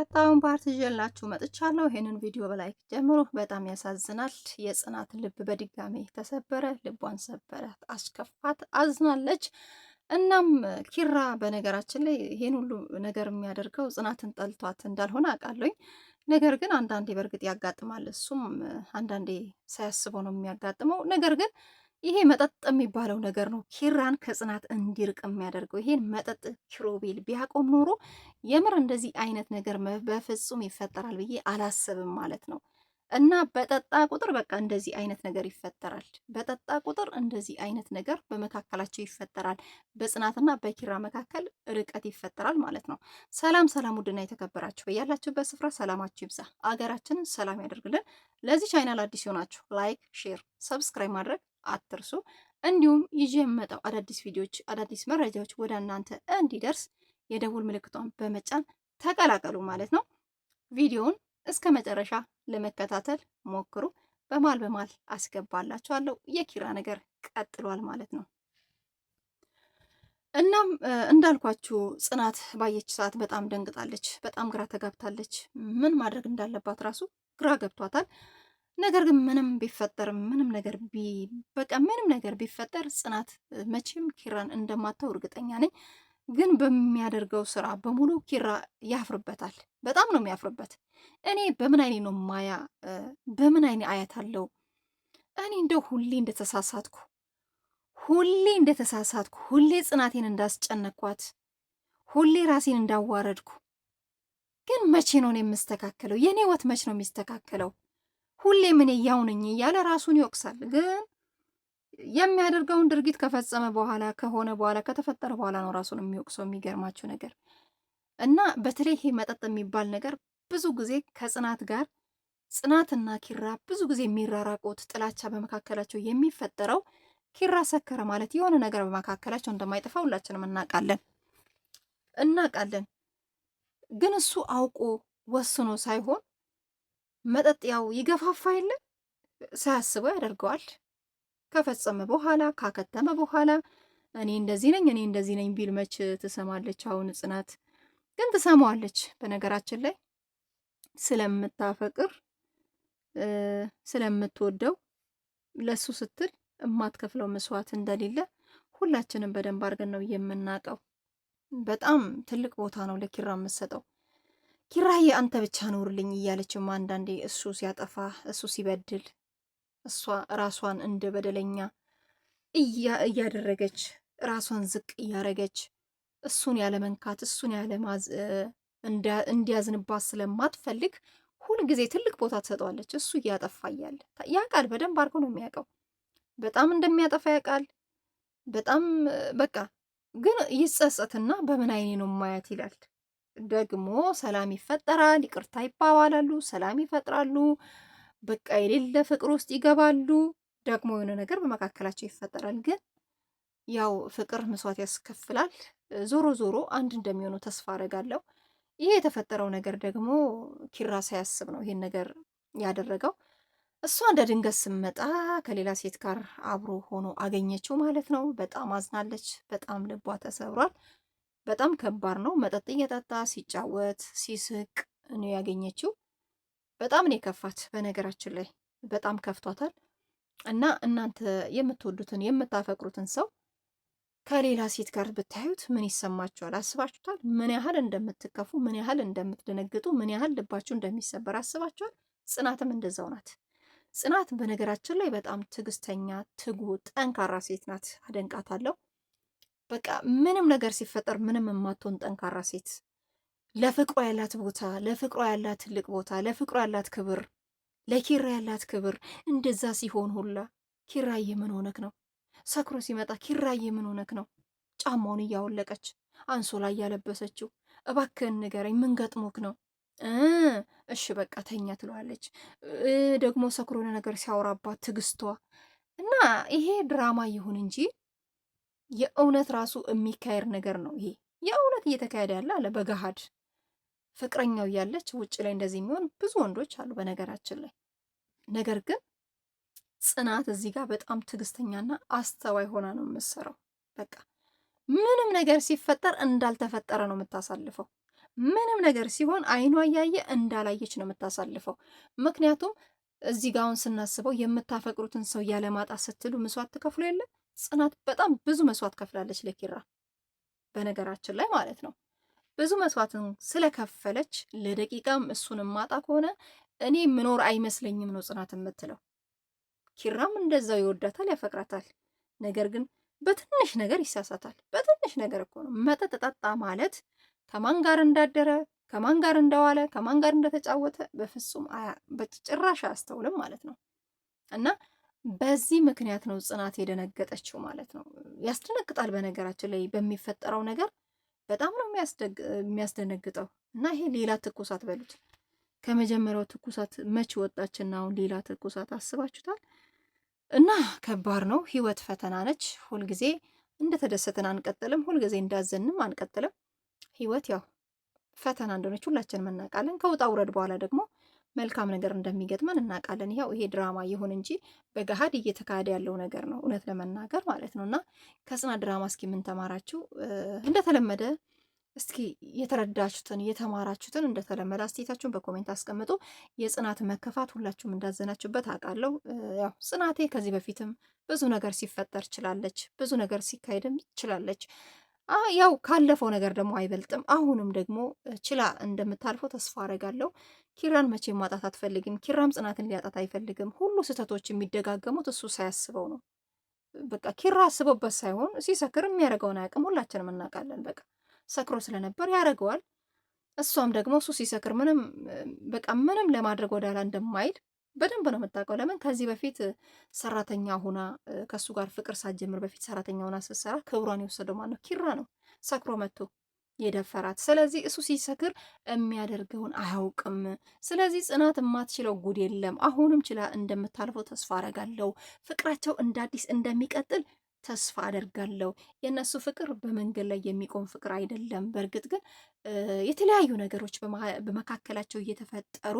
ቀጣዩን ፓርት ይዤላችሁ መጥቻለሁ። ይህንን ቪዲዮ በላይክ ጀምሮ። በጣም ያሳዝናል። የጽናት ልብ በድጋሜ ተሰበረ። ልቧን ሰበረ አስከፋት፣ አዝናለች። እናም ኪራ በነገራችን ላይ ይህን ሁሉ ነገር የሚያደርገው ጽናትን ጠልቷት እንዳልሆነ አውቃለሁኝ። ነገር ግን አንዳንዴ በእርግጥ ያጋጥማል። እሱም አንዳንዴ ሳያስበው ነው የሚያጋጥመው። ነገር ግን ይሄ መጠጥ የሚባለው ነገር ነው ኪራን ከጽናት እንዲርቅ የሚያደርገው። ይሄን መጠጥ ኪሮቤል ቢያቆም ኖሮ የምር እንደዚህ አይነት ነገር በፍጹም ይፈጠራል ብዬ አላስብም ማለት ነው። እና በጠጣ ቁጥር በቃ እንደዚህ አይነት ነገር ይፈጠራል። በጠጣ ቁጥር እንደዚህ አይነት ነገር በመካከላቸው ይፈጠራል። በጽናትና በኪራ መካከል ርቀት ይፈጠራል ማለት ነው። ሰላም ሰላም! ውድና የተከበራችሁ በያላችሁበት ስፍራ ሰላማችሁ ይብዛ፣ አገራችንን ሰላም ያደርግልን። ለዚህ ቻይናል አዲስ ሆናችሁ ላይክ፣ ሼር፣ ሰብስክራይብ ማድረግ አትርሱ። እንዲሁም ይዤ የምመጣው አዳዲስ ቪዲዮዎች፣ አዳዲስ መረጃዎች ወደ እናንተ እንዲደርስ የደውል ምልክቷን በመጫን ተቀላቀሉ ማለት ነው። ቪዲዮውን እስከ መጨረሻ ለመከታተል ሞክሩ። በማል በማል አስገባላችኋለሁ። የኪራ ነገር ቀጥሏል ማለት ነው። እናም እንዳልኳችሁ ጽናት ባየች ሰዓት በጣም ደንግጣለች፣ በጣም ግራ ተጋብታለች። ምን ማድረግ እንዳለባት ራሱ ግራ ገብቷታል። ነገር ግን ምንም ቢፈጠር ምንም ነገር በቃ ምንም ነገር ቢፈጠር ጽናት መቼም ኪራን እንደማታው እርግጠኛ ነኝ። ግን በሚያደርገው ስራ በሙሉ ኪራ ያፍርበታል። በጣም ነው የሚያፍርበት። እኔ በምን አይኔ ነው ማያ በምን አይኔ አያታለው? እኔ እንደው ሁሌ እንደተሳሳትኩ ሁሌ እንደተሳሳትኩ ሁሌ ጽናቴን እንዳስጨነኳት ሁሌ ራሴን እንዳዋረድኩ። ግን መቼ ነው የምስተካከለው? የእኔ ህይወት መቼ ነው የሚስተካከለው? ሁሌ ምን ያው ነኝ እያለ ራሱን ይወቅሳል። ግን የሚያደርገውን ድርጊት ከፈጸመ በኋላ ከሆነ በኋላ ከተፈጠረ በኋላ ነው ራሱን የሚወቅሰው። የሚገርማችሁ ነገር እና በተለይ ይሄ መጠጥ የሚባል ነገር ብዙ ጊዜ ከጽናት ጋር ጽናትና ኪራ ብዙ ጊዜ የሚራራቁት ጥላቻ በመካከላቸው የሚፈጠረው ኪራ ሰከረ ማለት የሆነ ነገር በመካከላቸው እንደማይጠፋ ሁላችንም እናቃለን እናውቃለን። ግን እሱ አውቆ ወስኖ ሳይሆን መጠጥ ያው ይገፋፋ የለ ሳያስበው ያደርገዋል። ከፈጸመ በኋላ ካከተመ በኋላ እኔ እንደዚህ ነኝ እኔ እንደዚህ ነኝ ቢል መች ትሰማለች? አሁን ጽናት ግን ትሰማዋለች። በነገራችን ላይ ስለምታፈቅር ስለምትወደው ለሱ ስትል እማትከፍለው መስዋዕት እንደሌለ ሁላችንም በደንብ አድርገን ነው የምናውቀው። በጣም ትልቅ ቦታ ነው ለኪራ የምትሰጠው። ኪራዬ አንተ ብቻ ኖርልኝ እያለችም አንዳንዴ እሱ ሲያጠፋ እሱ ሲበድል እሷ ራሷን እንደ በደለኛ እያደረገች ራሷን ዝቅ እያደረገች እሱን ያለ መንካት እሱን ያለ እንዲያዝንባት ስለማትፈልግ ሁልጊዜ ትልቅ ቦታ ትሰጠዋለች። እሱ እያጠፋ እያለ ያውቃል፣ በደንብ አድርጎ ነው የሚያውቀው። በጣም እንደሚያጠፋ ያውቃል። በጣም በቃ ግን ይጸጸትና በምን አይኔ ነው ማያት ይላል። ደግሞ ሰላም ይፈጠራል። ይቅርታ ይባባላሉ፣ ሰላም ይፈጥራሉ። በቃ የሌለ ፍቅር ውስጥ ይገባሉ። ደግሞ የሆነ ነገር በመካከላቸው ይፈጠራል። ግን ያው ፍቅር መስዋዕት ያስከፍላል። ዞሮ ዞሮ አንድ እንደሚሆኑ ተስፋ አደርጋለሁ። ይሄ የተፈጠረው ነገር ደግሞ ኪራ ሳያስብ ነው ይሄን ነገር ያደረገው። እሷ እንደ ድንገት ስመጣ ከሌላ ሴት ጋር አብሮ ሆኖ አገኘችው ማለት ነው። በጣም አዝናለች። በጣም ልቧ ተሰብሯል። በጣም ከባድ ነው። መጠጥ እየጠጣ ሲጫወት ሲስቅ ነው ያገኘችው። በጣም ነው የከፋት። በነገራችን ላይ በጣም ከፍቷታል። እና እናንተ የምትወዱትን የምታፈቅሩትን ሰው ከሌላ ሴት ጋር ብታዩት ምን ይሰማችኋል? አስባችሁታል? ምን ያህል እንደምትከፉ፣ ምን ያህል እንደምትደነግጡ፣ ምን ያህል ልባችሁ እንደሚሰበር አስባችኋል? ጽናትም እንደዛው ናት። ጽናት በነገራችን ላይ በጣም ትዕግስተኛ፣ ትጉ፣ ጠንካራ ሴት ናት። አደንቃታለሁ። በቃ ምንም ነገር ሲፈጠር ምንም የማትሆን ጠንካራ ሴት፣ ለፍቅሯ ያላት ቦታ፣ ለፍቅሯ ያላት ትልቅ ቦታ፣ ለፍቅሯ ያላት ክብር፣ ለኪራ ያላት ክብር። እንደዛ ሲሆን ሁላ ኪራዬ ምን ሆነክ ነው? ሰክሮ ሲመጣ ኪራዬ ምን ሆነክ ነው? ጫማውን እያወለቀች አንሶላ እያለበሰችው፣ እባክህን ንገረኝ፣ ምን ገጥሞክ ነው? እሺ በቃ ተኛ ትለዋለች። ደግሞ ሰክሮ ነገር ሲያወራባት ትግስቷ እና ይሄ ድራማ ይሁን እንጂ የእውነት ራሱ የሚካሄድ ነገር ነው ይሄ የእውነት እየተካሄደ ያለ አለ በገሃድ ፍቅረኛው ያለች ውጭ ላይ እንደዚህ የሚሆን ብዙ ወንዶች አሉ በነገራችን ላይ ነገር ግን ጽናት እዚህ ጋር በጣም ትዕግስተኛና አስተዋይ ሆና ነው የምትሰራው በቃ ምንም ነገር ሲፈጠር እንዳልተፈጠረ ነው የምታሳልፈው ምንም ነገር ሲሆን አይኗ እያየ እንዳላየች ነው የምታሳልፈው ምክንያቱም እዚህ ጋውን አሁን ስናስበው የምታፈቅሩትን ሰው ያለማጣት ስትሉ ምስዋት ትከፍሉ የለም ጽናት በጣም ብዙ መስዋዕት ከፍላለች ለኪራ በነገራችን ላይ ማለት ነው። ብዙ መስዋዕትን ስለከፈለች ለደቂቃም እሱን ማጣ ከሆነ እኔ ምኖር አይመስለኝም ነው ጽናት የምትለው። ኪራም እንደዛው ይወዳታል፣ ያፈቅራታል። ነገር ግን በትንሽ ነገር ይሳሳታል። በትንሽ ነገር እኮ ነው መጠጥ ጠጣ ማለት ከማን ጋር እንዳደረ ከማን ጋር እንደዋለ ከማን ጋር እንደተጫወተ በፍጹም በጭራሽ አያስተውልም ማለት ነው እና በዚህ ምክንያት ነው ጽናት የደነገጠችው ማለት ነው። ያስደነግጣል። በነገራችን ላይ በሚፈጠረው ነገር በጣም ነው የሚያስደነግጠው እና ይሄ ሌላ ትኩሳት በሉት ከመጀመሪያው ትኩሳት መች ወጣችና አሁን ሌላ ትኩሳት አስባችሁታል። እና ከባድ ነው። ህይወት ፈተና ነች። ሁልጊዜ እንደተደሰትን አንቀጥልም፣ ሁልጊዜ እንዳዘንም አንቀጥልም። ህይወት ያው ፈተና እንደሆነች ሁላችንም እናውቃለን። ከውጣ ውረድ በኋላ ደግሞ መልካም ነገር እንደሚገጥመን እናውቃለን። ያው ይሄ ድራማ ይሁን እንጂ በገሃድ እየተካሄደ ያለው ነገር ነው እውነት ለመናገር ማለት ነው። እና ከጽናት ድራማ እስኪ የምንተማራችሁ እንደተለመደ እስኪ የተረዳችሁትን የተማራችሁትን እንደተለመደ አስተያየታችሁን በኮሜንት አስቀምጡ። የጽናት መከፋት ሁላችሁም እንዳዘናችሁበት አውቃለሁ። ያው ጽናቴ ከዚህ በፊትም ብዙ ነገር ሲፈጠር ችላለች፣ ብዙ ነገር ሲካሄድም ችላለች። ያው ካለፈው ነገር ደግሞ አይበልጥም። አሁንም ደግሞ ችላ እንደምታልፈው ተስፋ አረጋለሁ። ኪራን መቼም ማጣት አትፈልግም። ኪራም ጽናትን ሊያጣት አይፈልግም። ሁሉ ስህተቶች የሚደጋገሙት እሱ ሳያስበው ነው። በቃ ኪራ አስቦበት ሳይሆን ሲሰክር የሚያደርገውን አያውቅም። ሁላችንም እናውቃለን። በቃ ሰክሮ ስለነበር ያደርገዋል። እሷም ደግሞ እሱ ሲሰክር ምንም በቃ ምንም ለማድረግ ወደኋላ እንደማይል በደንብ ነው የምታውቀው። ለምን ከዚህ በፊት ሰራተኛ ሆና ከእሱ ጋር ፍቅር ሳትጀምር በፊት ሰራተኛ ሆና ስትሰራ ክብሯን የወሰደው ነው? ኪራ ነው ሰክሮ መጥቶ የደፈራት። ስለዚህ እሱ ሲሰክር የሚያደርገውን አያውቅም። ስለዚህ ጽናት የማትችለው ጉድ የለም። አሁንም ችላ እንደምታልፈው ተስፋ አደርጋለሁ። ፍቅራቸው እንደ አዲስ እንደሚቀጥል ተስፋ አደርጋለሁ። የእነሱ ፍቅር በመንገድ ላይ የሚቆም ፍቅር አይደለም። በእርግጥ ግን የተለያዩ ነገሮች በመካከላቸው እየተፈጠሩ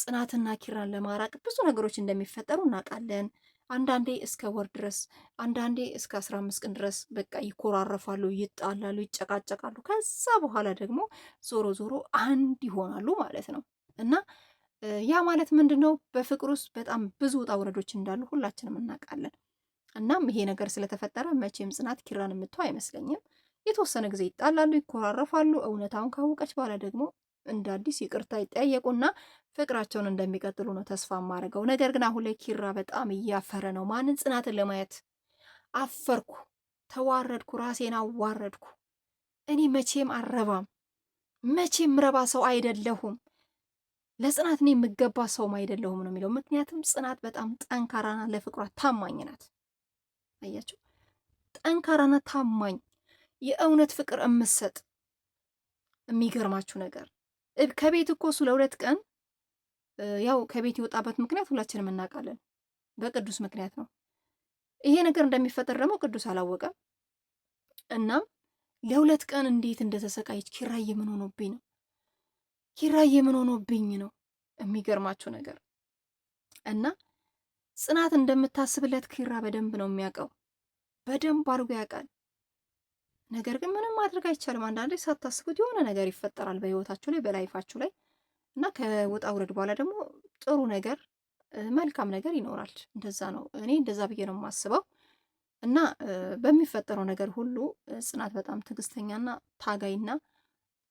ጽናትና ኪራን ለማራቅ ብዙ ነገሮች እንደሚፈጠሩ እናውቃለን። አንዳንዴ እስከ ወር ድረስ አንዳንዴ እስከ አስራ አምስት ቀን ድረስ በቃ ይኮራረፋሉ፣ ይጣላሉ፣ ይጨቃጨቃሉ። ከዛ በኋላ ደግሞ ዞሮ ዞሮ አንድ ይሆናሉ ማለት ነው እና ያ ማለት ምንድን ነው? በፍቅር ውስጥ በጣም ብዙ ውጣ ውረዶች እንዳሉ ሁላችንም እናውቃለን። እናም ይሄ ነገር ስለተፈጠረ መቼም ጽናት ኪራን የምትተው አይመስለኝም። የተወሰነ ጊዜ ይጣላሉ፣ ይኮራረፋሉ። እውነታውን ካወቀች በኋላ ደግሞ እንደ አዲስ ይቅርታ ይጠያየቁና ፍቅራቸውን እንደሚቀጥሉ ነው ተስፋ ማድረገው። ነገር ግን አሁን ላይ ኪራ በጣም እያፈረ ነው። ማንን? ጽናትን ለማየት አፈርኩ፣ ተዋረድኩ፣ ራሴን አዋረድኩ። እኔ መቼም አረባም፣ መቼም ምረባ ሰው አይደለሁም፣ ለጽናት እኔ የምገባ ሰውም አይደለሁም ነው የሚለው። ምክንያቱም ጽናት በጣም ጠንካራና ለፍቅሯ ታማኝ ናት። አያችሁ፣ ጠንካራና ታማኝ የእውነት ፍቅር እምትሰጥ የሚገርማችሁ ነገር ከቤት እኮ እሱ ለሁለት ቀን ያው ከቤት የወጣበት ምክንያት ሁላችንም እናውቃለን። በቅዱስ ምክንያት ነው። ይሄ ነገር እንደሚፈጠር ደግሞ ቅዱስ አላወቀም። እናም ለሁለት ቀን እንዴት እንደተሰቃየች ኪራዬ ምን ሆኖብኝ ነው? ኪራዬ ምን ሆኖብኝ ነው? የሚገርማችሁ ነገር እና ጽናት እንደምታስብለት ኪራ በደንብ ነው የሚያውቀው። በደንብ አድርጎ ያውቃል። ነገር ግን ምንም ማድረግ አይቻልም። አንዳንዴ ሳታስቡት የሆነ ነገር ይፈጠራል በህይወታችሁ ላይ በላይፋችሁ ላይ እና ከውጣ ውረድ በኋላ ደግሞ ጥሩ ነገር መልካም ነገር ይኖራል። እንደዛ ነው እኔ እንደዛ ብዬ ነው የማስበው። እና በሚፈጠረው ነገር ሁሉ ጽናት በጣም ትዕግስተኛና ታጋይና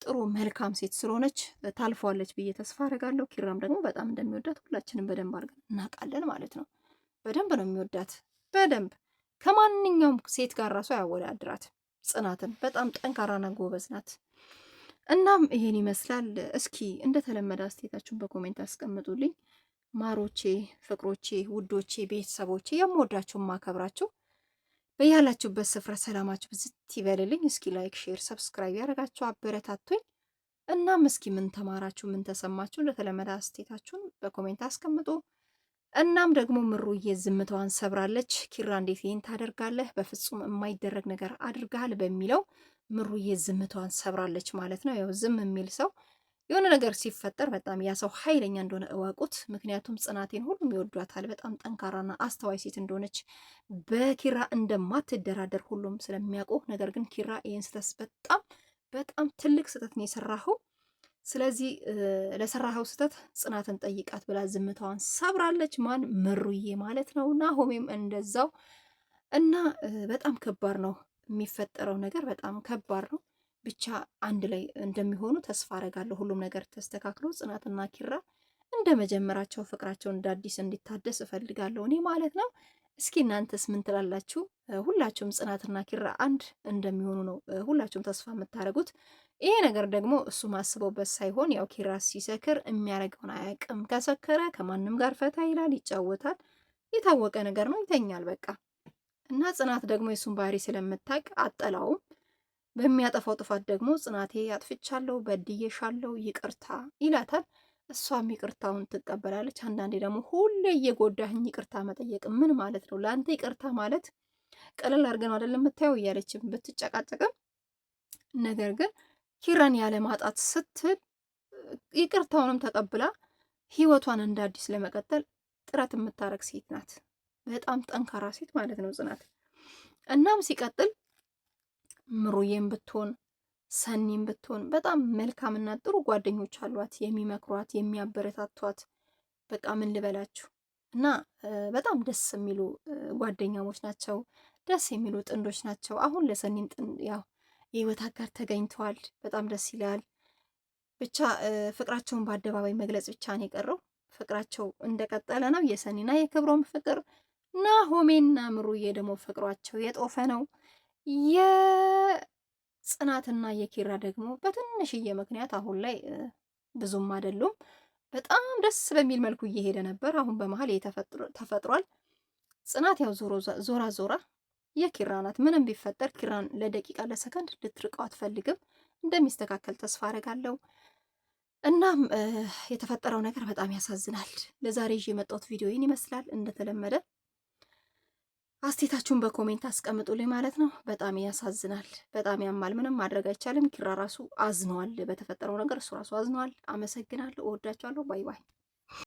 ጥሩ መልካም ሴት ስለሆነች ታልፈዋለች ብዬ ተስፋ አደርጋለሁ። ኪራም ደግሞ በጣም እንደሚወዳት ሁላችንም በደንብ አድርገን እናውቃለን ማለት ነው። በደንብ ነው የሚወዳት በደንብ ከማንኛውም ሴት ጋር ራሱ አያወዳድራት። ጽናትን በጣም ጠንካራና ጎበዝ ናት። እናም ይሄን ይመስላል። እስኪ እንደተለመደ አስተያየታችሁን በኮሜንት አስቀምጡልኝ። ማሮቼ፣ ፍቅሮቼ፣ ውዶቼ፣ ቤተሰቦቼ የምወዳችሁ ማከብራችሁ በያላችሁበት ስፍራ ሰላማችሁ ብዝት ይበልልኝ። እስኪ ላይክ፣ ሼር፣ ሰብስክራይብ ያደረጋችሁ አበረታቱኝ። እናም እስኪ ምን ተማራችሁ፣ ምን ተሰማችሁ? እንደተለመደ አስተያየታችሁን በኮሜንት አስቀምጡ። እናም ደግሞ ምሩዬ ዝምታዋን ሰብራለች። ኪራ እንዴት ይህን ታደርጋለህ? በፍጹም የማይደረግ ነገር አድርገሃል በሚለው ምሩዬ ዝምታዋን ሰብራለች ማለት ነው። ያው ዝም የሚል ሰው የሆነ ነገር ሲፈጠር በጣም ያ ሰው ኃይለኛ እንደሆነ እወቁት። ምክንያቱም ጽናቴን ሁሉም ይወዷታል። በጣም ጠንካራና አስተዋይ ሴት እንደሆነች በኪራ እንደማትደራደር ሁሉም ስለሚያውቁ፣ ነገር ግን ኪራ ይህን ስህተት በጣም በጣም ትልቅ ስህተት ነው የሰራኸው ስለዚህ ለሰራኸው ስህተት ጽናትን ጠይቃት ብላ ዝምታዋን ሰብራለች። ማን ምሩዬ ማለት ነው። ናሆሜም እንደዛው እና በጣም ከባድ ነው የሚፈጠረው ነገር በጣም ከባድ ነው። ብቻ አንድ ላይ እንደሚሆኑ ተስፋ አረጋለሁ። ሁሉም ነገር ተስተካክሎ ጽናትና ኪራ እንደ መጀመራቸው ፍቅራቸውን እንዳዲስ እንዲታደስ እፈልጋለሁ እኔ ማለት ነው። እስኪ እናንተስ ምን ትላላችሁ? ሁላችሁም ጽናትና ኪራ አንድ እንደሚሆኑ ነው ሁላችሁም ተስፋ የምታደርጉት። ይሄ ነገር ደግሞ እሱ ማስበውበት ሳይሆን ያው ኪራ ሲሰክር የሚያደርገውን አያውቅም። ከሰከረ ከማንም ጋር ፈታ ይላል፣ ይጫወታል። የታወቀ ነገር ነው። ይተኛል በቃ። እና ጽናት ደግሞ የሱን ባህሪ ስለምታውቅ አጠላውም። በሚያጠፋው ጥፋት ደግሞ ጽናቴ አጥፍቻለሁ፣ በድዬሻለሁ፣ ይቅርታ ይላታል። እሷም ይቅርታውን ትቀበላለች። አንዳንዴ ደግሞ ሁሌ እየጎዳህኝ ይቅርታ መጠየቅ ምን ማለት ነው? ለአንተ ይቅርታ ማለት ቀለል አድርገን አደለ የምታየው እያለችም ብትጨቃጨቅም፣ ነገር ግን ኪራን ያለ ማጣት ስትል ይቅርታውንም ተቀብላ ህይወቷን እንደ አዲስ ለመቀጠል ጥረት የምታረግ ሴት ናት። በጣም ጠንካራ ሴት ማለት ነው ጽናት። እናም ሲቀጥል ምሩዬም ብትሆን ሰኒም ብትሆን በጣም መልካምና ጥሩ ጓደኞች አሏት፣ የሚመክሯት የሚያበረታቷት። በቃ ምን ልበላችሁ እና በጣም ደስ የሚሉ ጓደኛሞች ናቸው። ደስ የሚሉ ጥንዶች ናቸው። አሁን ለሰኒም ያው የህይወት አጋር ተገኝተዋል። በጣም ደስ ይላል። ብቻ ፍቅራቸውን በአደባባይ መግለጽ ብቻ ነው የቀረው። ፍቅራቸው እንደቀጠለ ነው። የሰኒና የክብሮም ፍቅር ናሆሜና ምሩዬ ደግሞ ፍቅሯቸው የጦፈ ነው። ጽናትና የኪራ ደግሞ በትንሽዬ ምክንያት አሁን ላይ ብዙም አይደሉም። በጣም ደስ በሚል መልኩ እየሄደ ነበር። አሁን በመሀል ተፈጥሯል። ጽናት ያው ዞራ ዞራ የኪራ ናት። ምንም ቢፈጠር ኪራን ለደቂቃ ለሰከንድ ልትርቀው አትፈልግም። እንደሚስተካከል ተስፋ አደርጋለሁ። እናም የተፈጠረው ነገር በጣም ያሳዝናል። ለዛሬ ይዤ የመጣሁት ቪዲዮ ይህን ይመስላል። እንደተለመደ አስቴታችሁን በኮሜንት አስቀምጡልኝ ማለት ነው። በጣም ያሳዝናል፣ በጣም ያማል። ምንም ማድረግ አይቻልም። ኪራ ራሱ አዝነዋል፣ በተፈጠረው ነገር እሱ ራሱ አዝነዋል። አመሰግናለሁ፣ እወዳችኋለሁ። ባይ ባይ